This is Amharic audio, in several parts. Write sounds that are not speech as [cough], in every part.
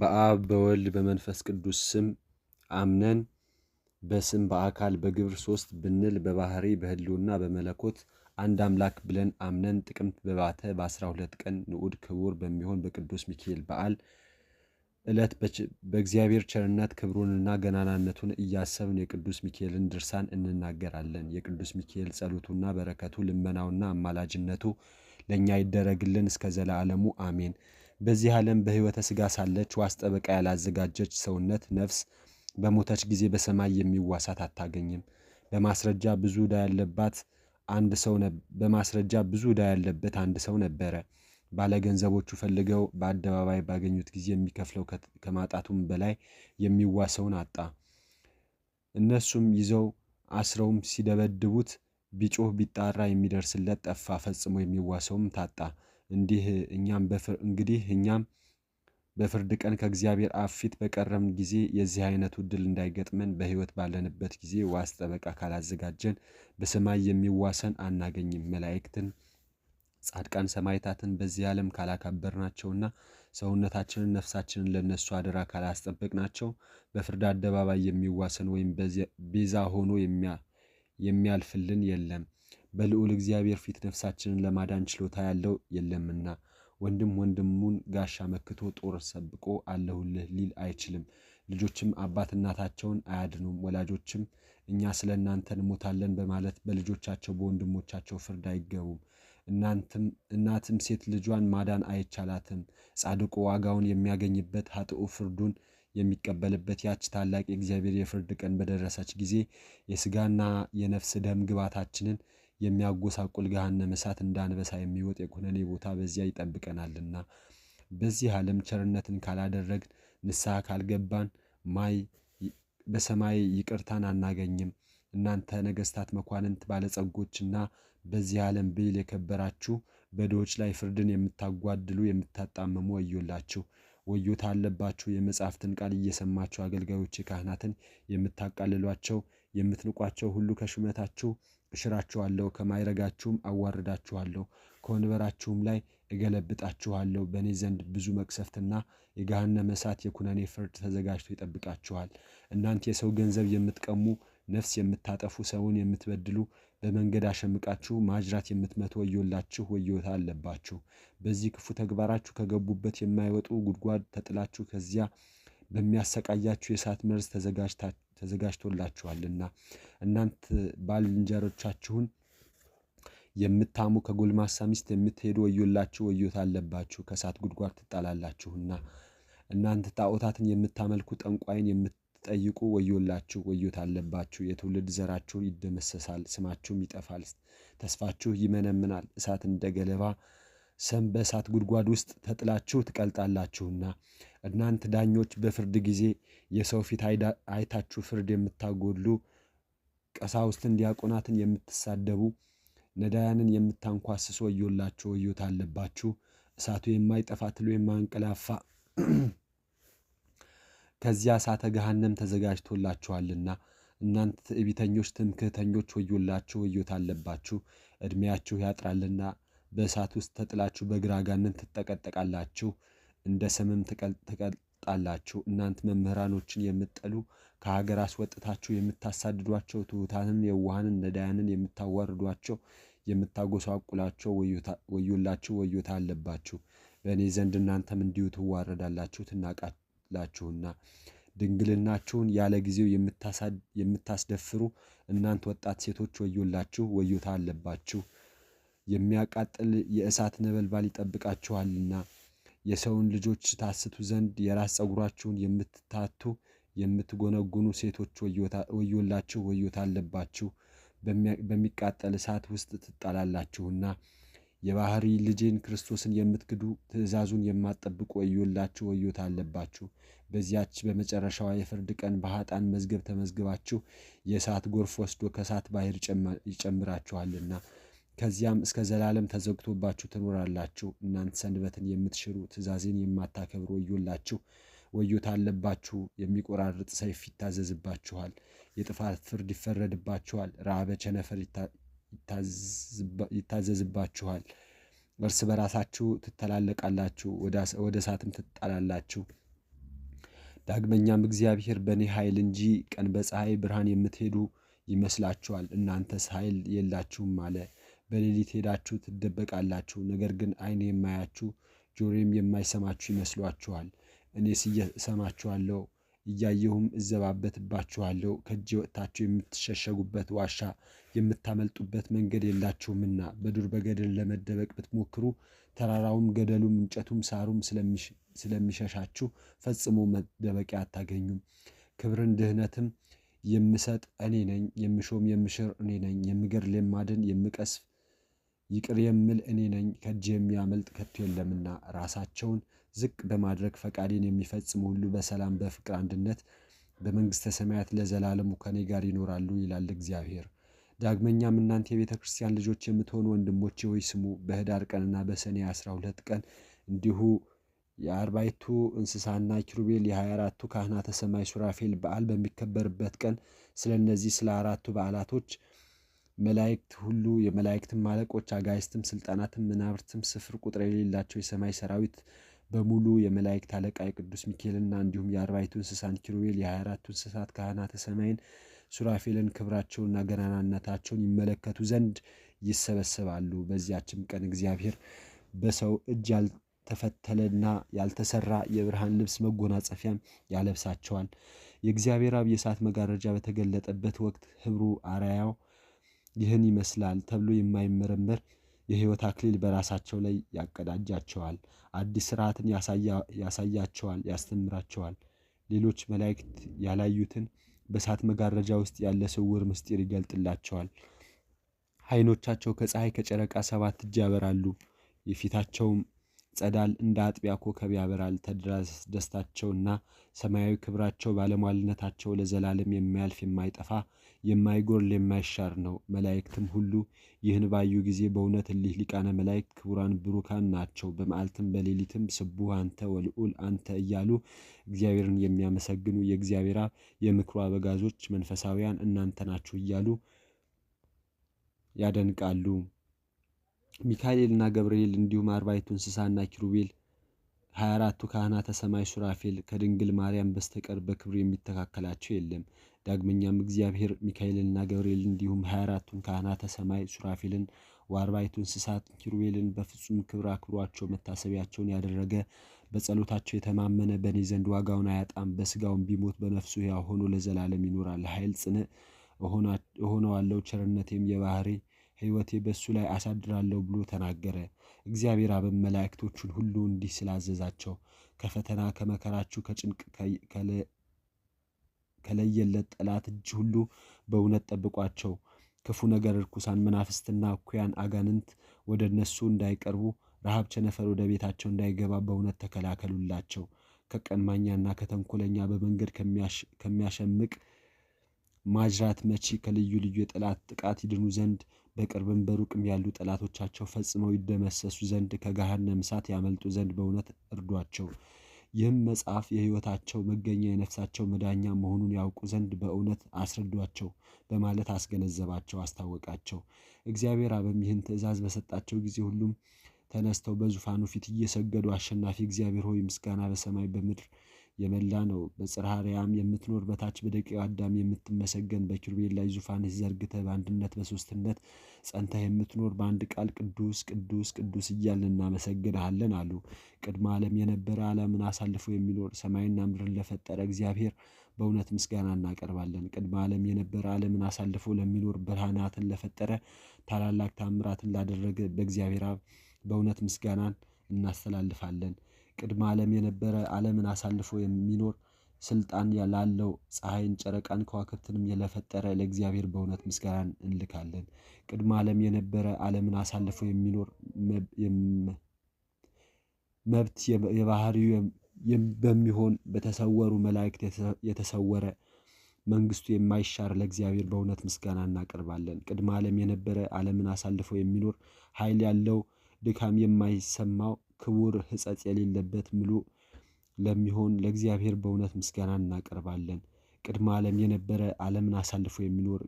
በአብ በወልድ በመንፈስ ቅዱስ ስም አምነን በስም በአካል በግብር ሶስት ብንል በባህሪ በህልውና በመለኮት አንድ አምላክ ብለን አምነን ጥቅምት በባተ በ12 ቀን ንዑድ ክቡር በሚሆን በቅዱስ ሚካኤል በዓል ዕለት በእግዚአብሔር ቸርነት ክብሩንና ገናናነቱን እያሰብን የቅዱስ ሚካኤልን ድርሳን እንናገራለን። የቅዱስ ሚካኤል ጸሎቱና በረከቱ ልመናውና አማላጅነቱ ለእኛ ይደረግልን እስከ ዘለዓለሙ አሜን። በዚህ ዓለም በሕይወተ ሥጋ ሳለች ዋስ ጠበቃ ያላዘጋጀች ሰውነት ነፍስ በሞተች ጊዜ በሰማይ የሚዋሳት አታገኝም። በማስረጃ ብዙ ዕዳ ያለባት አንድ ሰው በማስረጃ ብዙ ዕዳ ያለበት አንድ ሰው ነበረ። ባለገንዘቦቹ ፈልገው በአደባባይ ባገኙት ጊዜ የሚከፍለው ከማጣቱም በላይ የሚዋሰውን አጣ። እነሱም ይዘው አስረውም ሲደበድቡት ቢጮህ ቢጣራ የሚደርስለት ጠፋ። ፈጽሞ የሚዋሰውም ታጣ። እንዲህ እኛም እንግዲህ እኛም በፍርድ ቀን ከእግዚአብሔር አፍ ፊት በቀረም ጊዜ የዚህ አይነቱ ዕድል እንዳይገጥመን በሕይወት ባለንበት ጊዜ ዋስ ጠበቃ ካላዘጋጀን በሰማይ የሚዋሰን አናገኝም። መላእክትን፣ ጻድቃን፣ ሰማዕታትን በዚህ ዓለም ካላካበርናቸውና ሰውነታችንን ነፍሳችንን ለነሱ አደራ ካላስጠበቅናቸው በፍርድ አደባባይ የሚዋሰን ወይም ቤዛ ሆኖ የሚያልፍልን የለም። በልዑል እግዚአብሔር ፊት ነፍሳችንን ለማዳን ችሎታ ያለው የለምና ወንድም ወንድሙን ጋሻ መክቶ ጦር ሰብቆ አለሁልህ ሊል አይችልም። ልጆችም አባት እናታቸውን አያድኑም። ወላጆችም እኛ ስለ እናንተ እንሞታለን በማለት በልጆቻቸው በወንድሞቻቸው ፍርድ አይገቡም። እናትም ሴት ልጇን ማዳን አይቻላትም። ጻድቁ ዋጋውን የሚያገኝበት፣ ኃጥኡ ፍርዱን የሚቀበልበት ያች ታላቅ የእግዚአብሔር የፍርድ ቀን በደረሰች ጊዜ የስጋና የነፍስ ደም ግባታችንን የሚያጎሳቁል ገሃነመ እሳት እንደ አንበሳ የሚወጥ የኩነኔ ቦታ በዚያ ይጠብቀናልና። በዚህ ዓለም ቸርነትን ካላደረግን፣ ንስሐ ካልገባን ማይ በሰማይ ይቅርታን አናገኝም። እናንተ ነገስታት መኳንንት፣ ባለጸጎችና በዚህ ዓለም ብይል የከበራችሁ በድሆች ላይ ፍርድን የምታጓድሉ የምታጣምሙ ወዮላችሁ። ወዮታ አለባችሁ የመጻሕፍትን ቃል እየሰማችሁ አገልጋዮች ካህናትን የምታቃልሏቸው የምትንቋቸው ሁሉ ከሹመታችሁ እሽራችኋለሁ፣ ከማይረጋችሁም አዋርዳችኋለሁ፣ ከወንበራችሁም ላይ እገለብጣችኋለሁ። በእኔ ዘንድ ብዙ መቅሰፍትና የገሃነመ እሳት የኩነኔ ፍርድ ተዘጋጅቶ ይጠብቃችኋል። እናንተ የሰው ገንዘብ የምትቀሙ ነፍስ የምታጠፉ ሰውን የምትበድሉ በመንገድ አሸምቃችሁ ማጅራት የምትመቱ ወዮላችሁ፣ ወዮታ አለባችሁ። በዚህ ክፉ ተግባራችሁ ከገቡበት የማይወጡ ጉድጓድ ተጥላችሁ ከዚያ በሚያሰቃያችሁ የእሳት መርዝ ተዘጋጅቶላችኋልና እናንት ባልንጀሮቻችሁን የምታሙ ከጎልማሳ ሚስት የምትሄዱ ወዮላችሁ፣ ወዮት አለባችሁ፣ ከእሳት ጉድጓድ ትጣላላችሁና። እናንተ ጣዖታትን የምታመልኩ ጠንቋይን የምትጠይቁ ወዮላችሁ፣ ወዮት አለባችሁ። የትውልድ ዘራችሁ ይደመሰሳል፣ ስማችሁም ይጠፋል፣ ተስፋችሁ ይመነምናል። እሳት እንደ ገለባ ሰንበሳት ጉድጓድ ውስጥ ተጥላችሁ ትቀልጣላችሁና እናንት ዳኞች በፍርድ ጊዜ የሰው ፊት አይታችሁ ፍርድ የምታጎሉ ቀሳውስትን፣ ዲያቆናትን የምትሳደቡ ነዳያንን የምታንኳስሱ ወዮላችሁ፣ ወዮት አለባችሁ። እሳቱ የማይጠፋ ትሉ የማንቀላፋ [clears throat] ከዚያ እሳተ ገሃነም ተዘጋጅቶላችኋልና እናንት ትዕቢተኞች፣ ትምክህተኞች ወዮላችሁ፣ ወዮት አለባችሁ። ዕድሜያችሁ ያጥራልና በእሳት ውስጥ ተጥላችሁ በግራጋንን ትጠቀጠቃላችሁ፣ እንደ ሰምም ትቀልጣላችሁ። እናንት መምህራኖችን የምጠሉ ከሀገር አስወጥታችሁ የምታሳድዷቸው፣ ትሑታንን፣ የዋሃንን፣ ነዳያንን የምታዋርዷቸው፣ የምታጎሳቁላቸው ወዮላችሁ፣ ወዮታ አለባችሁ። በእኔ ዘንድ እናንተም እንዲሁ ትዋረዳላችሁ ትናቃላችሁና። ድንግልናችሁን ያለ ጊዜው የምታስደፍሩ እናንት ወጣት ሴቶች ወዮላችሁ፣ ወዮታ አለባችሁ። የሚያቃጥል የእሳት ነበልባል ይጠብቃችኋልና የሰውን ልጆች ታስቱ ዘንድ የራስ ጸጉራችሁን የምትታቱ የምትጎነጉኑ ሴቶች ወዮላችሁ፣ ወዮታ አለባችሁ። በሚቃጠል እሳት ውስጥ ትጣላላችሁና የባህሪ ልጄን ክርስቶስን የምትክዱ ትእዛዙን የማትጠብቁ ወዮላችሁ፣ ወዮታ አለባችሁ። በዚያች በመጨረሻዋ የፍርድ ቀን በሀጣን መዝገብ ተመዝግባችሁ የእሳት ጎርፍ ወስዶ ከእሳት ባህር ይጨምራችኋልና ከዚያም እስከ ዘላለም ተዘግቶባችሁ ትኖራላችሁ። እናንተ ሰንበትን የምትሽሩ ትእዛዜን የማታከብሩ ወዮላችሁ፣ ወዮታ አለባችሁ። የሚቆራርጥ ሰይፍ ይታዘዝባችኋል፣ የጥፋት ፍርድ ይፈረድባችኋል፣ ረዓበ ቸነፈር ይታዘዝባችኋል። እርስ በራሳችሁ ትተላለቃላችሁ፣ ወደ እሳትም ትጣላላችሁ። ዳግመኛም እግዚአብሔር በእኔ ኃይል እንጂ ቀን በፀሐይ ብርሃን የምትሄዱ ይመስላችኋል፣ እናንተስ ኃይል የላችሁም አለ። በሌሊት ሄዳችሁ ትደበቃላችሁ። ነገር ግን ዓይን የማያችሁ ጆሮም የማይሰማችሁ ይመስሏችኋል። እኔ እሰማችኋለሁ፣ እያየሁም እዘባበትባችኋለሁ። ከእጄ ወጥታችሁ የምትሸሸጉበት ዋሻ፣ የምታመልጡበት መንገድ የላችሁምና። በዱር በገደል ለመደበቅ ብትሞክሩ ተራራውም፣ ገደሉም፣ እንጨቱም፣ ሳሩም ስለሚሸሻችሁ ፈጽሞ መደበቂያ አታገኙም። ክብርን ድህነትም የምሰጥ እኔ ነኝ። የምሾም የምሽር እኔ ነኝ። የምገድል የማድን የምቀስፍ ይቅር የምል እኔ ነኝ፣ ከእጅ የሚያመልጥ ከቶ የለምና። ራሳቸውን ዝቅ በማድረግ ፈቃዴን የሚፈጽሙ ሁሉ በሰላም በፍቅር አንድነት በመንግሥተ ሰማያት ለዘላለሙ ከኔ ጋር ይኖራሉ ይላል እግዚአብሔር። ዳግመኛም እናንተ የቤተ ክርስቲያን ልጆች የምትሆኑ ወንድሞቼ ሆይ ስሙ። በኅዳር ቀንና በሰኔ 12 ቀን እንዲሁ የአርባይቱ እንስሳና ኪሩቤል የሀያ አራቱ ካህናተ ሰማይ ሱራፌል በዓል በሚከበርበት ቀን ስለ እነዚህ ስለ አራቱ በዓላቶች መላእክት ሁሉ የመላእክትም አለቆች አጋይስትም ስልጣናትም መናብርትም ስፍር ቁጥር የሌላቸው የሰማይ ሰራዊት በሙሉ የመላእክት አለቃ የቅዱስ ሚካኤልና እንዲሁም የአርባይቱ እንስሳን ኪሩቤል የሀያ አራቱ እንስሳት ካህናተ ሰማይን ሱራፌልን ክብራቸውንና ገናናነታቸውን ይመለከቱ ዘንድ ይሰበሰባሉ። በዚያችም ቀን እግዚአብሔር በሰው እጅ ያልተፈተለና ያልተሰራ የብርሃን ልብስ መጎናጸፊያም ያለብሳቸዋል። የእግዚአብሔር አብ የእሳት መጋረጃ በተገለጠበት ወቅት ህብሩ አራያው ይህን ይመስላል ተብሎ የማይመረመር የህይወት አክሊል በራሳቸው ላይ ያቀዳጃቸዋል። አዲስ ስርዓትን ያሳያቸዋል፣ ያስተምራቸዋል። ሌሎች መላእክት ያላዩትን በእሳት መጋረጃ ውስጥ ያለ ስውር ምስጢር ይገልጥላቸዋል። አይኖቻቸው ከፀሐይ ከጨረቃ ሰባት እጅ ያበራሉ። የፊታቸውም ጸዳል እንደ አጥቢያ ኮከብ ያበራል። ተድራስ ደስታቸውና ሰማያዊ ክብራቸው ባለሟልነታቸው ለዘላለም የማያልፍ የማይጠፋ የማይጎል የማይሻር ነው። መላእክትም ሁሉ ይህን ባዩ ጊዜ በእውነት እሊህ ሊቃነ መላእክት ክቡራን ብሩካን ናቸው። በመዓልትም በሌሊትም ስቡህ አንተ ወልዑል አንተ እያሉ እግዚአብሔርን የሚያመሰግኑ የእግዚአብሔር አብ የምክሩ አበጋዞች መንፈሳዊያን እናንተ ናችሁ እያሉ ያደንቃሉ። ሚካኤልና ገብርኤል እንዲሁም እንስሳ እንስሳና ኪሩቤል ሀያ አራቱ ካህናተ ሰማይ ሱራፌል ከድንግል ማርያም በስተቀር በክብር የሚተካከላቸው የለም። ዳግመኛም እግዚአብሔር ሚካኤልና ገብርኤል እንዲሁም ሀያ አራቱን ካህናተ ሰማይ ሱራፌልን ወአርባዕቱ እንስሳት ኪሩቤልን በፍጹም ክብር አክብሯቸው መታሰቢያቸውን ያደረገ በጸሎታቸው የተማመነ በእኔ ዘንድ ዋጋውን አያጣም፣ በስጋውን ቢሞት በነፍሱ ያው ሆኖ ለዘላለም ይኖራል። ኃይል ጽን እሆነዋለሁ፣ ቸርነቴም የባህሬ ሕይወቴ በእሱ ላይ አሳድራለሁ ብሎ ተናገረ። እግዚአብሔር አብን መላእክቶቹን ሁሉ እንዲህ ስላዘዛቸው ከፈተና ከመከራችሁ ከጭንቅ ከለየለት ጠላት እጅ ሁሉ በእውነት ጠብቋቸው። ክፉ ነገር፣ እርኩሳን መናፍስትና እኩያን አጋንንት ወደ እነሱ እንዳይቀርቡ፣ ረሃብ፣ ቸነፈር ወደ ቤታቸው እንዳይገባ በእውነት ተከላከሉላቸው። ከቀማኛና ከተንኮለኛ በመንገድ ከሚያሸምቅ ማጅራት መቺ ከልዩ ልዩ የጠላት ጥቃት ይድኑ ዘንድ በቅርብም በሩቅም ያሉ ጠላቶቻቸው ፈጽመው ይደመሰሱ ዘንድ ከገሃነመ እሳት ያመልጡ ዘንድ በእውነት እርዷቸው። ይህም መጽሐፍ የሕይወታቸው መገኛ የነፍሳቸው መዳኛ መሆኑን ያውቁ ዘንድ በእውነት አስረዷቸው በማለት አስገነዘባቸው፣ አስታወቃቸው። እግዚአብሔር አብም ይህን ትእዛዝ በሰጣቸው ጊዜ ሁሉም ተነስተው በዙፋኑ ፊት እየሰገዱ አሸናፊ እግዚአብሔር ሆይ ምስጋና በሰማይ በምድር የመላ ነው። በጽርሐ አርያም የምትኖር በታች በደቂቀ አዳም የምትመሰገን በኪሩቤል ላይ ዙፋንህ ዘርግተ በአንድነት በሶስትነት ጸንተህ የምትኖር በአንድ ቃል ቅዱስ ቅዱስ ቅዱስ እያልን እናመሰግንሃለን አሉ። ቅድመ ዓለም የነበረ ዓለምን አሳልፎ የሚኖር ሰማይና ምድርን ለፈጠረ እግዚአብሔር በእውነት ምስጋና እናቀርባለን። ቅድመ ዓለም የነበረ ዓለምን አሳልፎ ለሚኖር ብርሃናትን ለፈጠረ ታላላቅ ታምራትን ላደረገ በእግዚአብሔር አብ በእውነት ምስጋናን እናስተላልፋለን። ቅድመ ዓለም የነበረ ዓለምን አሳልፎ የሚኖር ስልጣን ላለው ፀሐይን፣ ጨረቃን፣ ከዋክብትንም ለፈጠረ ለእግዚአብሔር በእውነት ምስጋናን እንልካለን። ቅድመ ዓለም የነበረ ዓለምን አሳልፎ የሚኖር መብት የባህሪው በሚሆን በተሰወሩ መላእክት የተሰወረ መንግስቱ የማይሻር ለእግዚአብሔር በእውነት ምስጋና እናቀርባለን። ቅድመ ዓለም የነበረ ዓለምን አሳልፎ የሚኖር ኃይል ያለው ድካም የማይሰማው ክቡር ሕጸጽ የሌለበት ምሉእ ለሚሆን ለእግዚአብሔር በእውነት ምስጋና እናቀርባለን። ቅድመ ዓለም የነበረ ዓለምን አሳልፎ የሚኖር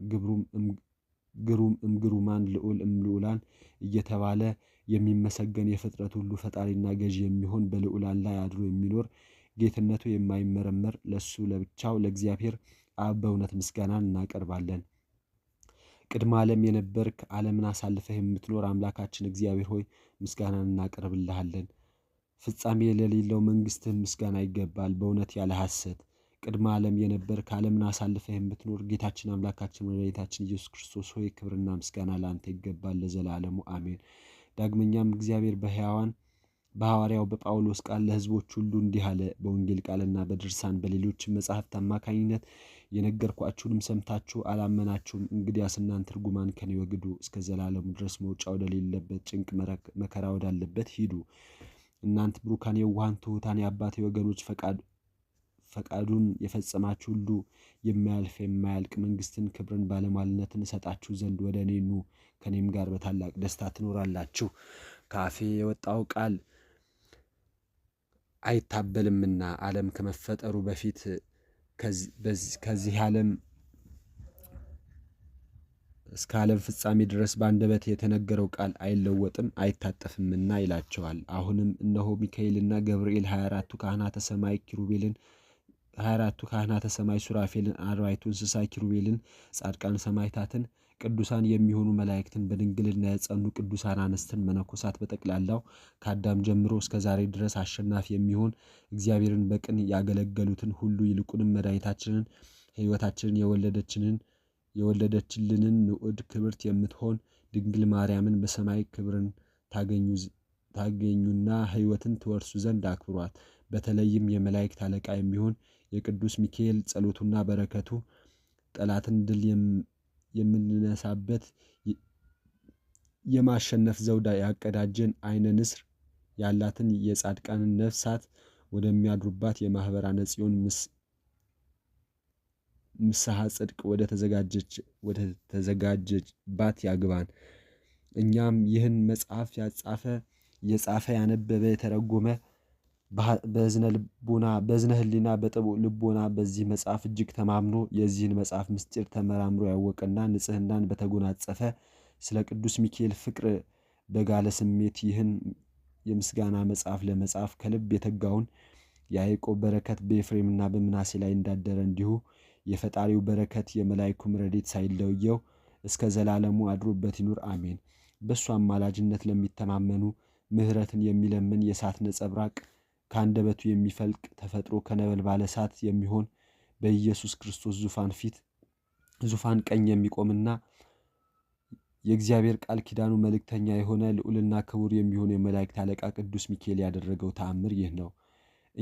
ግሩም እምግሩማን ልዑል እምልዑላን እየተባለ የሚመሰገን የፍጥረት ሁሉ ፈጣሪና ገዢ የሚሆን በልዑላን ላይ አድሮ የሚኖር ጌትነቱ የማይመረመር ለሱ ለብቻው ለእግዚአብሔር አብ በእውነት ምስጋናን እናቀርባለን። ቅድመ ዓለም የነበርክ ዓለምን አሳልፈህ የምትኖር አምላካችን እግዚአብሔር ሆይ ምስጋናን እናቀርብልሃለን። ፍጻሜ ለሌለው መንግሥትህ ምስጋና ይገባል። በእውነት ያለ ሐሰት ቅድመ ዓለም የነበርክ ዓለምን አሳልፈህ የምትኖር ጌታችን አምላካችን መድኃኒታችን ኢየሱስ ክርስቶስ ሆይ ክብርና ምስጋና ለአንተ ይገባል ለዘላለሙ አሜን። ዳግመኛም እግዚአብሔር በሕያዋን በሐዋርያው በጳውሎስ ቃል ለሕዝቦች ሁሉ እንዲህ አለ። በወንጌል ቃልና በድርሳን በሌሎች መጻሕፍት አማካኝነት የነገርኳችሁንም ሰምታችሁ አላመናችሁም። እንግዲያስ እናንተ ርጉማን ከኔ ወግዱ፣ እስከ ዘላለሙ ድረስ መውጫ ወደሌለበት ጭንቅ መከራ ወዳለበት ሂዱ። እናንተ ብሩካን የዋሃን ትሑታን የአባቴ ወገኖች ፈቃዱን የፈጸማችሁ ሁሉ የማያልፍ የማያልቅ መንግስትን፣ ክብርን፣ ባለሟልነትን እሰጣችሁ ዘንድ ወደ እኔ ኑ፣ ከእኔም ጋር በታላቅ ደስታ ትኖራላችሁ። ካፌ የወጣው ቃል አይታበልምና ዓለም ከመፈጠሩ በፊት ከዚህ ዓለም እስከ ዓለም ፍጻሜ ድረስ በአንደበት የተነገረው ቃል አይለወጥም አይታጠፍምና ይላቸዋል። አሁንም እነሆ ሚካኤልና ገብርኤል 24ቱ ካህናተ ሰማይ ኪሩቤልን 24ቱ ካህናተ ሰማይ ሱራፌልን፣ አርባዕቱ እንስሳ ኪሩቤልን፣ ጻድቃን ሰማይታትን ቅዱሳን የሚሆኑ መላእክትን በድንግልና የጸኑ ቅዱሳን አንስትን መነኮሳት በጠቅላላው ከአዳም ጀምሮ እስከ ዛሬ ድረስ አሸናፊ የሚሆን እግዚአብሔርን በቅን ያገለገሉትን ሁሉ ይልቁንም መድኃኒታችንን ሕይወታችንን የወለደችንን የወለደችልንን ንዑድ ክብርት የምትሆን ድንግል ማርያምን በሰማይ ክብርን ታገኙና ሕይወትን ትወርሱ ዘንድ አክብሯት። በተለይም የመላእክት አለቃ የሚሆን የቅዱስ ሚካኤል ጸሎቱና በረከቱ ጠላትን ድል የምንነሳበት የማሸነፍ ዘውዳ ያቀዳጀን አይነ ንስር ያላትን የጻድቃንን ነፍሳት ወደሚያድሩባት የማኅበረ ጽዮን ምስሐ ጽድቅ ወደ ተዘጋጀባት ያግባን። እኛም ይህን መጽሐፍ ያጻፈ የጻፈ ያነበበ የተረጎመ በዝነ ልቡና በዝነ ህሊና በጥቡ ልቡና በዚህ መጽሐፍ እጅግ ተማምኖ የዚህን መጽሐፍ ምስጢር ተመራምሮ ያወቀና ንጽህናን በተጎናጸፈ ስለ ቅዱስ ሚካኤል ፍቅር በጋለ ስሜት ይህን የምስጋና መጽሐፍ ለመጻፍ ከልብ የተጋውን የያዕቆብ በረከት በኤፍሬምና በምናሴ ላይ እንዳደረ እንዲሁ የፈጣሪው በረከት የመላይኩም ረዴት ሳይለየው እስከ ዘላለሙ አድሮበት ይኑር አሜን። በእሱ አማላጅነት ለሚተማመኑ ምህረትን የሚለምን የእሳት ነጸብራቅ ከአንደበቱ የሚፈልቅ ተፈጥሮ ከነበልባለ እሳት የሚሆን በኢየሱስ ክርስቶስ ዙፋን ፊት ዙፋን ቀኝ የሚቆምና የእግዚአብሔር ቃል ኪዳኑ መልእክተኛ የሆነ ልዑልና ክቡር የሚሆን የመላእክት አለቃ ቅዱስ ሚካኤል ያደረገው ተአምር ይህ ነው።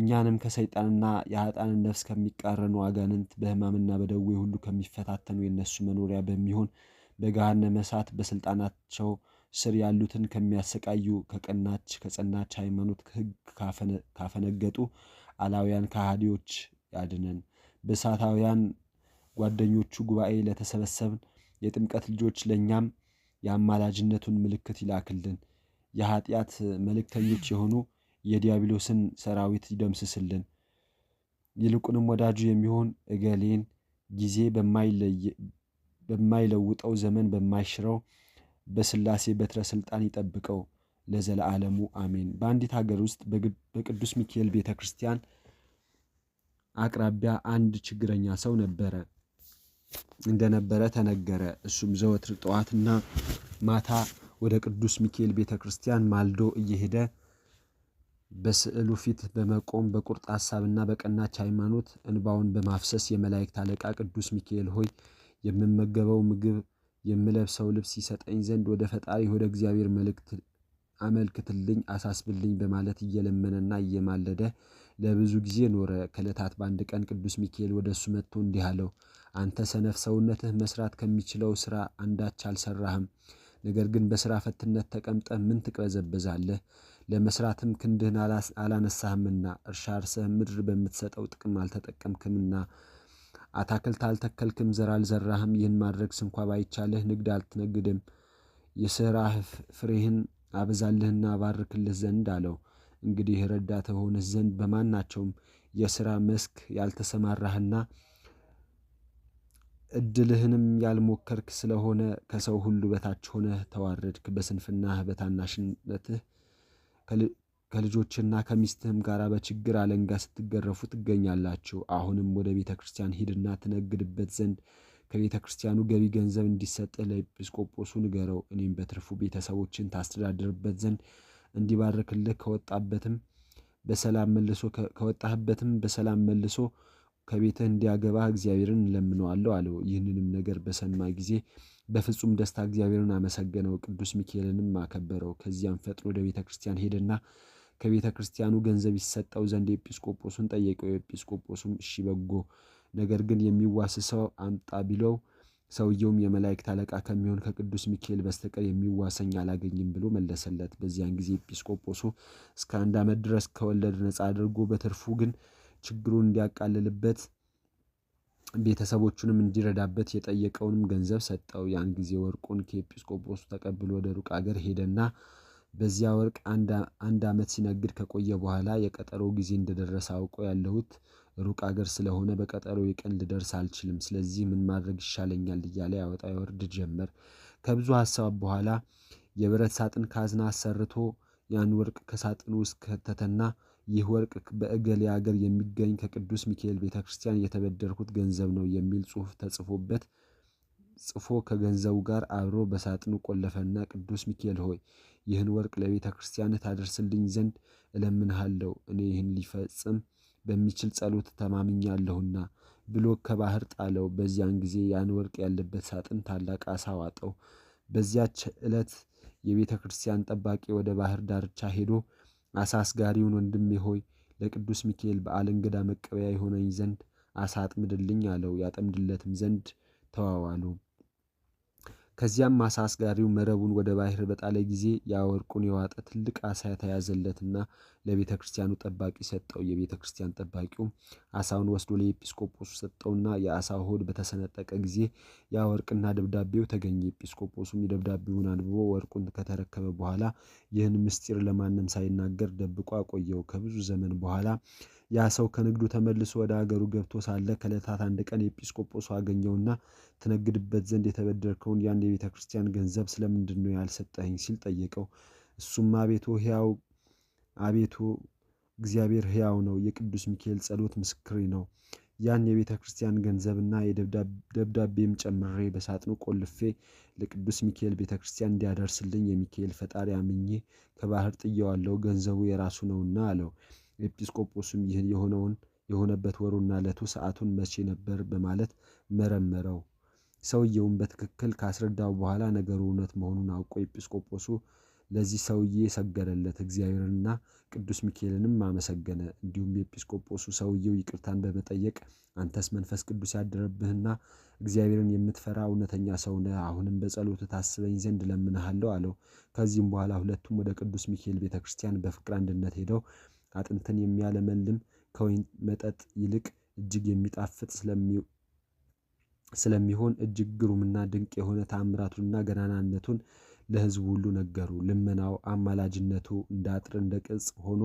እኛንም ከሰይጣንና የአጣንን ነፍስ ከሚቃረኑ አጋንንት በሕማምና በደዌ ሁሉ ከሚፈታተኑ የነሱ መኖሪያ በሚሆን በገሃነመ እሳት በስልጣናቸው ስር ያሉትን ከሚያሰቃዩ ከቀናች ከጸናች ሃይማኖት ሕግ ካፈነገጡ አላውያን ከሃዲዎች ያድነን። በሳታውያን ጓደኞቹ ጉባኤ ለተሰበሰብን የጥምቀት ልጆች ለእኛም የአማላጅነቱን ምልክት ይላክልን። የኃጢአት መልእክተኞች የሆኑ የዲያብሎስን ሰራዊት ይደምስስልን። ይልቁንም ወዳጁ የሚሆን እገሌን ጊዜ በማይለውጠው ዘመን በማይሽረው በስላሴ በትረ ስልጣን ይጠብቀው ለዘለዓለሙ አሜን። በአንዲት ሀገር ውስጥ በቅዱስ ሚካኤል ቤተ ክርስቲያን አቅራቢያ አንድ ችግረኛ ሰው ነበረ እንደነበረ ተነገረ። እሱም ዘወትር ጠዋትና ማታ ወደ ቅዱስ ሚካኤል ቤተ ክርስቲያን ማልዶ እየሄደ በስዕሉ ፊት በመቆም በቁርጥ ሀሳብና በቀናች ሃይማኖት እንባውን በማፍሰስ የመላእክት አለቃ ቅዱስ ሚካኤል ሆይ የምመገበው ምግብ የምለብሰው ልብስ ይሰጠኝ ዘንድ ወደ ፈጣሪ ወደ እግዚአብሔር መልእክት አመልክትልኝ አሳስብልኝ በማለት እየለመነና እየማለደ ለብዙ ጊዜ ኖረ። ከዕለታት በአንድ ቀን ቅዱስ ሚካኤል ወደ እሱ መጥቶ እንዲህ አለው፣ አንተ ሰነፍ ሰውነትህ መስራት ከሚችለው ስራ አንዳች አልሰራህም። ነገር ግን በስራ ፈትነት ተቀምጠህ ምን ትቅበዘበዛለህ? ለመስራትም ክንድህን አላነሳህምና እርሻ እርሰህ ምድር በምትሰጠው ጥቅም አልተጠቀምክምና አታክልት አልተከልክም፣ ዘር አልዘራህም። ይህን ማድረግ ስንኳ ባይቻልህ ንግድ አልትነግድም፣ የሥራህ ፍሬህን አበዛልህና አባርክልህ ዘንድ አለው። እንግዲህ ረዳት ሆንህ ዘንድ በማናቸውም የሥራ መስክ ያልተሰማራህና እድልህንም ያልሞከርክ ስለሆነ ከሰው ሁሉ በታች ሆነህ ተዋረድክ። በስንፍናህ በታናሽነትህ ከልጆችና ከሚስትህም ጋር በችግር አለንጋ ስትገረፉ ትገኛላችሁ። አሁንም ወደ ቤተ ክርስቲያን ሂድና ትነግድበት ዘንድ ከቤተ ክርስቲያኑ ገቢ ገንዘብ እንዲሰጥህ ለኤጲስቆጶሱ ንገረው። እኔም በትርፉ ቤተሰቦችን ታስተዳድርበት ዘንድ እንዲባርክልህ ከወጣበትም በሰላም መልሶ ከወጣህበትም በሰላም መልሶ ከቤትህ እንዲያገባህ እግዚአብሔርን እንለምነዋለሁ አለው። ይህንንም ነገር በሰማ ጊዜ በፍጹም ደስታ እግዚአብሔርን አመሰገነው፣ ቅዱስ ሚካኤልንም አከበረው። ከዚያም ፈጥኖ ወደ ቤተ ክርስቲያን ሄደና ከቤተ ክርስቲያኑ ገንዘብ ይሰጠው ዘንድ ኤጲስቆጶሱን ጠየቀው። ኤጲስቆጶሱም እሺ በጎ ነገር ግን የሚዋስ ሰው አምጣ ቢለው ሰውየውም የመላእክት አለቃ ከሚሆን ከቅዱስ ሚካኤል በስተቀር የሚዋሰኝ አላገኝም ብሎ መለሰለት። በዚያን ጊዜ ኤጲስቆጶሱ እስከ አንድ ዓመት ድረስ ከወለድ ነፃ አድርጎ በትርፉ ግን ችግሩን እንዲያቃልልበት ቤተሰቦቹንም እንዲረዳበት የጠየቀውንም ገንዘብ ሰጠው። ያን ጊዜ ወርቁን ከኤጲስቆጶሱ ተቀብሎ ወደ ሩቅ አገር ሄደና በዚያ ወርቅ አንድ ዓመት ሲነግድ ከቆየ በኋላ የቀጠሮ ጊዜ እንደደረሰ አውቆ ያለሁት ሩቅ አገር ስለሆነ በቀጠሮ ቀን ልደርስ አልችልም። ስለዚህ ምን ማድረግ ይሻለኛል እያለ ያወጣ ይወርድ ጀመር። ከብዙ ሀሳብ በኋላ የብረት ሳጥን ካዝና አሰርቶ ያን ወርቅ ከሳጥኑ ውስጥ ከተተና ይህ ወርቅ በእገሌ አገር የሚገኝ ከቅዱስ ሚካኤል ቤተ ክርስቲያን የተበደርኩት ገንዘብ ነው የሚል ጽሑፍ ተጽፎበት ጽፎ ከገንዘቡ ጋር አብሮ በሳጥኑ ቆለፈና ቅዱስ ሚካኤል ሆይ ይህን ወርቅ ለቤተ ክርስቲያን ታደርስልኝ ዘንድ እለምንሃለሁ እኔ ይህን ሊፈጽም በሚችል ጸሎት ተማምኛለሁና ብሎ ከባህር ጣለው። በዚያን ጊዜ ያን ወርቅ ያለበት ሳጥን ታላቅ አሳ ዋጠው። በዚያች ዕለት የቤተ ክርስቲያን ጠባቂ ወደ ባህር ዳርቻ ሄዶ አሳ አስጋሪውን ወንድሜ ሆይ ለቅዱስ ሚካኤል በዓል እንግዳ መቀበያ የሆነኝ ዘንድ አሳ አጥምድልኝ አለው። ያጠምድለትም ዘንድ ተዋዋሉ። ከዚያም አሳ አስጋሪው መረቡን ወደ ባህር በጣለ ጊዜ የወርቁን የዋጠ ትልቅ አሳ ተያዘለትና ለቤተ ክርስቲያኑ ጠባቂ ሰጠው። የቤተ ክርስቲያን ጠባቂውም አሳውን ወስዶ ለኤጲስቆጶሱ ሰጠውና የአሳ ሆድ በተሰነጠቀ ጊዜ የወርቅና ደብዳቤው ተገኘ። ኤጲስቆጶሱም የደብዳቤውን አንብቦ ወርቁን ከተረከበ በኋላ ይህን ምስጢር ለማንም ሳይናገር ደብቆ አቆየው። ከብዙ ዘመን በኋላ ያ ሰው ከንግዱ ተመልሶ ወደ አገሩ ገብቶ ሳለ ከዕለታት አንድ ቀን ኤጲስቆጶሱ አገኘውና ትነግድበት ዘንድ የተበደርከውን ያን የቤተ ክርስቲያን ገንዘብ ስለምንድን ነው ያልሰጠኸኝ ሲል ጠየቀው። እሱም አቤቱ ሕያው አቤቱ እግዚአብሔር ሕያው ነው፣ የቅዱስ ሚካኤል ጸሎት ምስክሬ ነው። ያን የቤተ ክርስቲያን ገንዘብና የደብዳቤም ጨምሬ በሳጥኑ ቆልፌ ለቅዱስ ሚካኤል ቤተ ክርስቲያን እንዲያደርስልኝ የሚካኤል ፈጣሪ አምኜ ከባህር ጥየዋለሁ፣ ገንዘቡ የራሱ ነውና አለው። ኤጲስቆጶስም ይህን የሆነውን የሆነበት ወሩና ዕለቱ ሰዓቱን መቼ ነበር በማለት መረመረው። ሰውየውም በትክክል ካስረዳው በኋላ ነገሩ እውነት መሆኑን አውቆ ኤጲስቆጶሱ ለዚህ ሰውዬ ሰገደለት። እግዚአብሔርንና ቅዱስ ሚካኤልንም አመሰገነ። እንዲሁም የኤጲስቆጶሱ ሰውየው ይቅርታን በመጠየቅ አንተስ መንፈስ ቅዱስ ያደረብህና እግዚአብሔርን የምትፈራ እውነተኛ ሰው ነህ፣ አሁንም በጸሎት ታስበኝ ዘንድ እለምንሃለሁ አለው። ከዚህም በኋላ ሁለቱም ወደ ቅዱስ ሚካኤል ቤተ ክርስቲያን በፍቅር አንድነት ሄደው አጥንትን የሚያለመልም ከወይን መጠጥ ይልቅ እጅግ የሚጣፍጥ ስለሚሆን እጅግ ግሩምና ድንቅ የሆነ ታምራቱንና ገናናነቱን ለሕዝቡ ሁሉ ነገሩ። ልመናው፣ አማላጅነቱ እንደ አጥር እንደ ቅጽ ሆኖ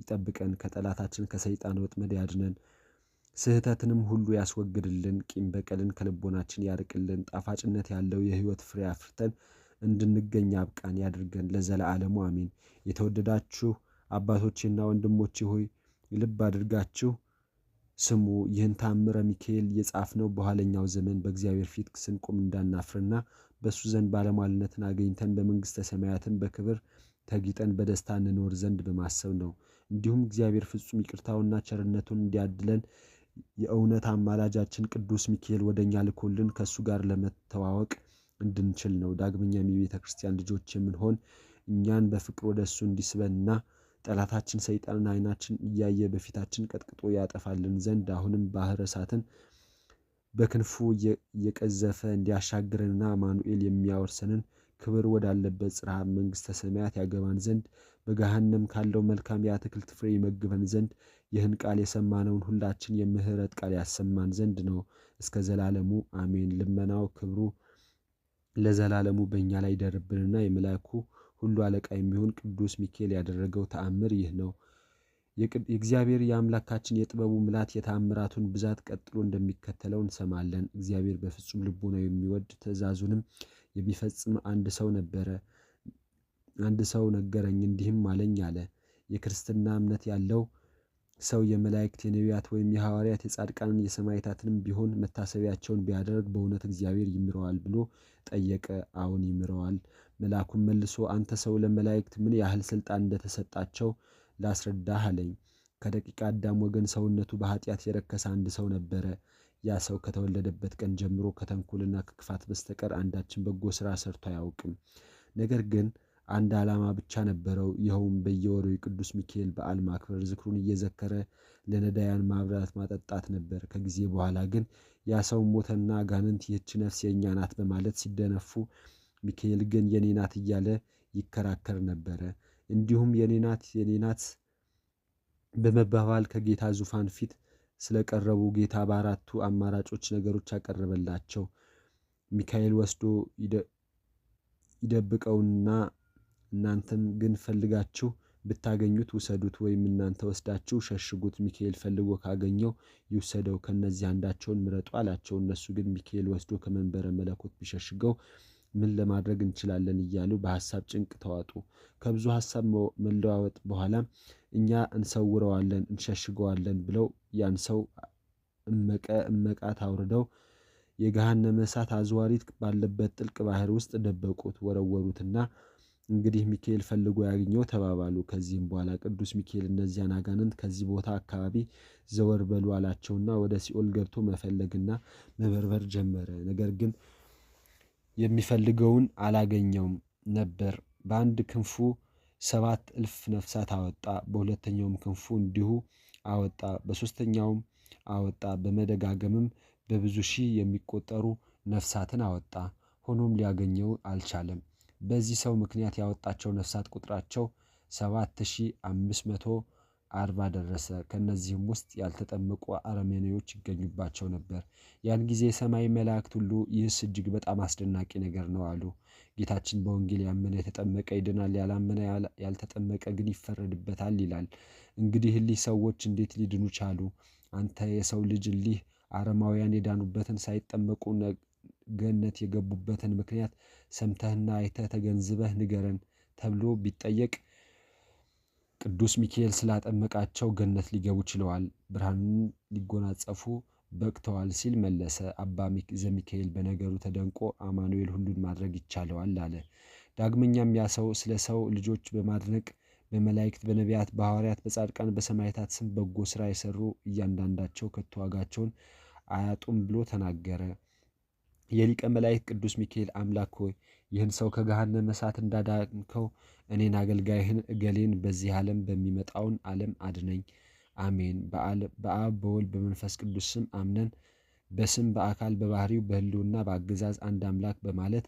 ይጠብቀን፣ ከጠላታችን ከሰይጣን ወጥመድ ያድነን፣ ስህተትንም ሁሉ ያስወግድልን፣ ቂም በቀልን ከልቦናችን ያርቅልን፣ ጣፋጭነት ያለው የሕይወት ፍሬ አፍርተን እንድንገኝ አብቃን ያድርገን። ለዘለዓለሙ አሚን። የተወደዳችሁ አባቶቼና ወንድሞቼ ሆይ ልብ አድርጋችሁ ስሙ። ይህን ታምረ ሚካኤል የጻፍነው በኋለኛው ዘመን በእግዚአብሔር ፊት ስንቆም እንዳናፍርና በእሱ ዘንድ ባለሟልነትን አገኝተን በመንግሥተ ሰማያትን በክብር ተጊጠን በደስታ እንኖር ዘንድ በማሰብ ነው። እንዲሁም እግዚአብሔር ፍጹም ይቅርታውና ቸርነቱን እንዲያድለን የእውነት አማላጃችን ቅዱስ ሚካኤል ወደኛ ልኮልን ከእሱ ጋር ለመተዋወቅ እንድንችል ነው። ዳግመኛም የቤተ ክርስቲያን ልጆች የምንሆን እኛን በፍቅር ወደ እሱ እንዲስበንና ጠላታችን ሰይጣንን አይናችን እያየ በፊታችን ቀጥቅጦ ያጠፋልን ዘንድ አሁንም ባህረ እሳትን በክንፉ እየቀዘፈ እንዲያሻግረንና አማኑኤል የሚያወርሰንን ክብር ወዳለበት ጽርሐ መንግሥተ ሰማያት ያገባን ዘንድ በገሃነም ካለው መልካም የአትክልት ፍሬ ይመግበን ዘንድ ይህን ቃል የሰማነውን ሁላችን የምህረት ቃል ያሰማን ዘንድ ነው። እስከ ዘላለሙ አሜን። ልመናው ክብሩ ለዘላለሙ በእኛ ላይ ይደርብንና የመላኩ ሁሉ አለቃ የሚሆን ቅዱስ ሚካኤል ያደረገው ተአምር ይህ ነው። የእግዚአብሔር የአምላካችን የጥበቡ ምላት የተአምራቱን ብዛት ቀጥሎ እንደሚከተለው እንሰማለን። እግዚአብሔር በፍጹም ልቡ ነው የሚወድ ትእዛዙንም የሚፈጽም አንድ ሰው ነበረ። አንድ ሰው ነገረኝ እንዲህም አለኝ አለ የክርስትና እምነት ያለው ሰው የመላእክት የነቢያት ወይም የሐዋርያት የጻድቃንን የሰማዕታትንም ቢሆን መታሰቢያቸውን ቢያደርግ በእውነት እግዚአብሔር ይምረዋል ብሎ ጠየቀ። አሁን ይምረዋል። መልአኩም መልሶ አንተ ሰው ለመላእክት ምን ያህል ስልጣን እንደተሰጣቸው ላስረዳህ አለኝ። ከደቂቃ አዳም ወገን ሰውነቱ በኃጢአት የረከሰ አንድ ሰው ነበረ። ያ ሰው ከተወለደበት ቀን ጀምሮ ከተንኮልና ከክፋት በስተቀር አንዳችን በጎ ስራ ሰርቶ አያውቅም። ነገር ግን አንድ ዓላማ ብቻ ነበረው። ይኸውም በየወሩ የቅዱስ ሚካኤል በዓል ማክበር፣ ዝክሩን እየዘከረ ለነዳያን ማብራት፣ ማጠጣት ነበር። ከጊዜ በኋላ ግን ያ ሰው ሞተና አጋንንት ይህች ነፍስ የእኛ ናት በማለት ሲደነፉ ሚካኤል ግን የኔ ናት እያለ ይከራከር ነበረ። እንዲሁም የኔ ናት የኔ ናት በመባባል ከጌታ ዙፋን ፊት ስለቀረቡ ጌታ በአራቱ አማራጮች ነገሮች አቀረበላቸው። ሚካኤል ወስዶ ይደብቀውና እናንተም ግን ፈልጋችሁ ብታገኙት ውሰዱት፣ ወይም እናንተ ወስዳችሁ ሸሽጉት። ሚካኤል ፈልጎ ካገኘው ይውሰደው፣ ከእነዚህ አንዳቸውን ምረጡ አላቸው። እነሱ ግን ሚካኤል ወስዶ ከመንበረ መለኮት ቢሸሽገው ምን ለማድረግ እንችላለን እያሉ በሀሳብ ጭንቅ ተዋጡ። ከብዙ ሀሳብ መለዋወጥ በኋላ እኛ እንሰውረዋለን፣ እንሸሽገዋለን ብለው ያን ሰው እመቀ እመቃት አውርደው የገሃነመ እሳት አዝዋሪት ባለበት ጥልቅ ባህር ውስጥ ደበቁት፣ ወረወሩትና እንግዲህ ሚካኤል ፈልጎ ያግኘው ተባባሉ። ከዚህም በኋላ ቅዱስ ሚካኤል እነዚያን አጋንንት ከዚህ ቦታ አካባቢ ዘወር በሉ አላቸውና ወደ ሲኦል ገብቶ መፈለግና መበርበር ጀመረ። ነገር ግን የሚፈልገውን አላገኘውም ነበር። በአንድ ክንፉ ሰባት እልፍ ነፍሳት አወጣ፣ በሁለተኛውም ክንፉ እንዲሁ አወጣ፣ በሶስተኛውም አወጣ። በመደጋገምም በብዙ ሺህ የሚቆጠሩ ነፍሳትን አወጣ። ሆኖም ሊያገኘው አልቻለም። በዚህ ሰው ምክንያት ያወጣቸው ነፍሳት ቁጥራቸው ሰባት ሺህ አምስት መቶ አርባ ደረሰ። ከእነዚህም ውስጥ ያልተጠመቁ አረመኔዎች ይገኙባቸው ነበር። ያን ጊዜ የሰማይ መላእክት ሁሉ ይህስ እጅግ በጣም አስደናቂ ነገር ነው አሉ። ጌታችን በወንጌል ያመነ የተጠመቀ ይድናል፣ ያላመነ ያልተጠመቀ ግን ይፈረድበታል ይላል። እንግዲህ እሊህ ሰዎች እንዴት ሊድኑ ቻሉ? አንተ የሰው ልጅ እሊህ አረማውያን የዳኑበትን ሳይጠመቁ ገነት የገቡበትን ምክንያት ሰምተህና አይተህ ተገንዝበህ ንገረን ተብሎ ቢጠየቅ ቅዱስ ሚካኤል ስላጠመቃቸው ገነት ሊገቡ ችለዋል፣ ብርሃንን ሊጎናጸፉ በቅተዋል ሲል መለሰ። አባ ዘሚካኤል በነገሩ ተደንቆ አማኑኤል ሁሉን ማድረግ ይቻለዋል አለ። ዳግመኛም ያ ሰው ስለ ሰው ልጆች በማድነቅ በመላእክት፣ በነቢያት፣ በሐዋርያት፣ በጻድቃን፣ በሰማዕታት ስም በጎ ስራ የሰሩ እያንዳንዳቸው ከቶ ዋጋቸውን አያጡም ብሎ ተናገረ። የሊቀ መላእክት ቅዱስ ሚካኤል አምላክ ሆይ ይህን ሰው ከገሃነ መሳት እንዳዳንከው እኔን አገልጋይህን እገሌን በዚህ ዓለም በሚመጣውን ዓለም አድነኝ። አሜን። በአብ በወልድ በመንፈስ ቅዱስ ስም አምነን በስም በአካል በባህሪው በህልውና በአገዛዝ አንድ አምላክ በማለት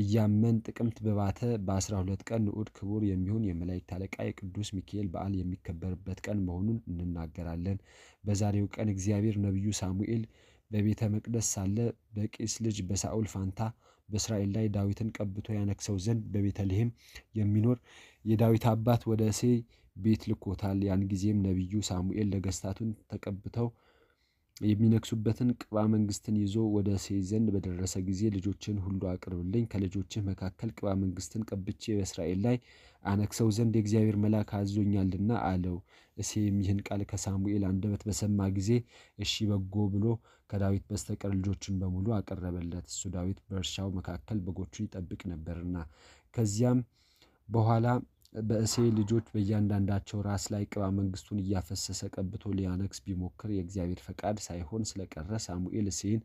እያመን ጥቅምት በባተ በ12 ቀን ንዑድ ክቡር የሚሆን የመላእክት አለቃ የቅዱስ ሚካኤል በዓል የሚከበርበት ቀን መሆኑን እንናገራለን። በዛሬው ቀን እግዚአብሔር ነቢዩ ሳሙኤል በቤተ መቅደስ ሳለ በቂስ ልጅ በሳኦል ፋንታ በእስራኤል ላይ ዳዊትን ቀብቶ ያነግሰው ዘንድ በቤተልሔም የሚኖር የዳዊት አባት ወደ እሴይ ቤት ልኮታል። ያን ጊዜም ነቢዩ ሳሙኤል ነገስታቱን ተቀብተው የሚነግሱበትን ቅባ መንግስትን ይዞ ወደ እሴይ ዘንድ በደረሰ ጊዜ ልጆችን ሁሉ አቅርብልኝ፣ ከልጆችህ መካከል ቅባ መንግስትን ቀብቼ በእስራኤል ላይ አነግሰው ዘንድ የእግዚአብሔር መልአክ አዞኛልና አለው። እሴይም ይህን ቃል ከሳሙኤል አንደበት በሰማ ጊዜ እሺ በጎ ብሎ ከዳዊት በስተቀር ልጆችን በሙሉ አቀረበለት። እሱ ዳዊት በእርሻው መካከል በጎቹን ይጠብቅ ነበርና። ከዚያም በኋላ በእሴ ልጆች በእያንዳንዳቸው ራስ ላይ ቅባ መንግስቱን እያፈሰሰ ቀብቶ ሊያነክስ ቢሞክር የእግዚአብሔር ፈቃድ ሳይሆን ስለቀረ ሳሙኤል እሴን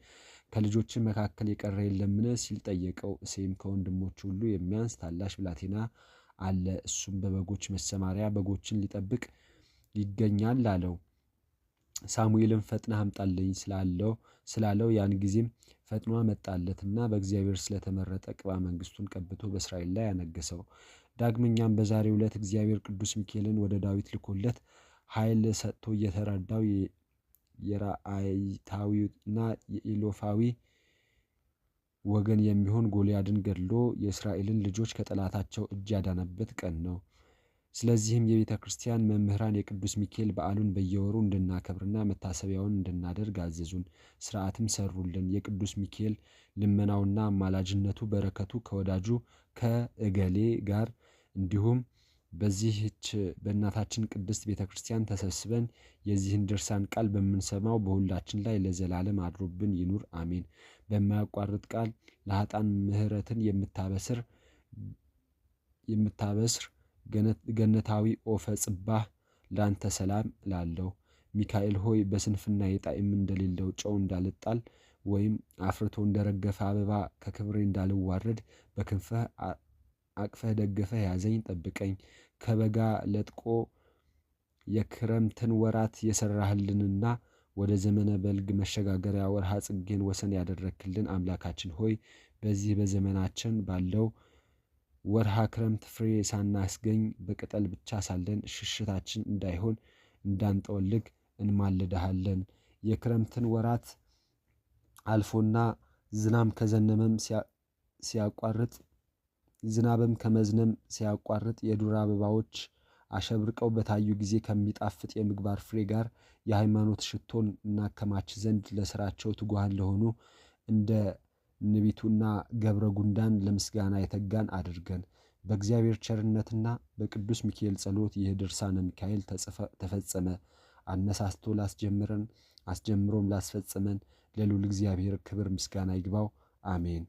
ከልጆችን መካከል የቀረ የለምን ሲል ጠየቀው። እሴይም ከወንድሞች ሁሉ የሚያንስ ታላሽ ብላቴና አለ፣ እሱም በበጎች መሰማሪያ በጎችን ሊጠብቅ ይገኛል አለው። ሳሙኤልን ፈጥና አምጣልኝ ስላለው ስላለው ያን ጊዜም ፈጥኖ እና በእግዚአብሔር ስለተመረጠ ቅባ መንግስቱን ቀብቶ በእስራኤል ላይ ያነገሰው። ዳግመኛም በዛሬው ዕለት እግዚአብሔር ቅዱስ ሚካኤልን ወደ ዳዊት ልኮለት ኃይል ሰጥቶ እየተረዳው የራአይታዊና የኢሎፋዊ ወገን የሚሆን ጎልያድን ገድሎ የእስራኤልን ልጆች ከጠላታቸው እጅ ያዳነበት ቀን ነው። ስለዚህም የቤተ ክርስቲያን መምህራን የቅዱስ ሚካኤል በዓሉን በየወሩ እንድናከብርና መታሰቢያውን እንድናደርግ አዘዙን፣ ስርዓትም ሰሩልን። የቅዱስ ሚካኤል ልመናውና አማላጅነቱ በረከቱ ከወዳጁ ከእገሌ ጋር እንዲሁም በዚህች በእናታችን ቅድስት ቤተ ክርስቲያን ተሰብስበን የዚህን ድርሳን ቃል በምንሰማው በሁላችን ላይ ለዘላለም አድሮብን ይኑር፣ አሜን። በማያቋርጥ ቃል ለሀጣን ምህረትን የምታበስር የምታበስር ገነታዊ ኦፈ ጽባህ ላንተ ሰላም ላለው። ሚካኤል ሆይ በስንፍና የጣዕም እንደሌለው ጨው እንዳልጣል ወይም አፍርቶ እንደረገፈ አበባ ከክብሬ እንዳልዋረድ በክንፈህ አቅፈህ ደግፈህ ያዘኝ፣ ጠብቀኝ። ከበጋ ለጥቆ የክረምትን ወራት የሰራህልንና ወደ ዘመነ በልግ መሸጋገሪያ ወርሃ ጽጌን ወሰን ያደረክልን አምላካችን ሆይ በዚህ በዘመናችን ባለው ወርሃ ክረምት ፍሬ ሳናስገኝ በቅጠል ብቻ ሳለን ሽሽታችን እንዳይሆን እንዳንጠወልግ እንማልድሃለን። የክረምትን ወራት አልፎና ዝናም ከዘነመም ሲያቋርጥ ዝናብም ከመዝነም ሲያቋርጥ የዱር አበባዎች አሸብርቀው በታዩ ጊዜ ከሚጣፍጥ የምግባር ፍሬ ጋር የሃይማኖት ሽቶን እናከማች ዘንድ ለስራቸው ትጉሃን ለሆኑ እንደ ንቢቱና ገብረ ጉንዳን ለምስጋና የተጋን አድርገን በእግዚአብሔር ቸርነትና በቅዱስ ሚካኤል ጸሎት ይህ ድርሳነ ሚካኤል ተፈጸመ። አነሳስቶ ላስጀምረን አስጀምሮም ላስፈጸመን ለልዑል እግዚአብሔር ክብር ምስጋና ይግባው፣ አሜን።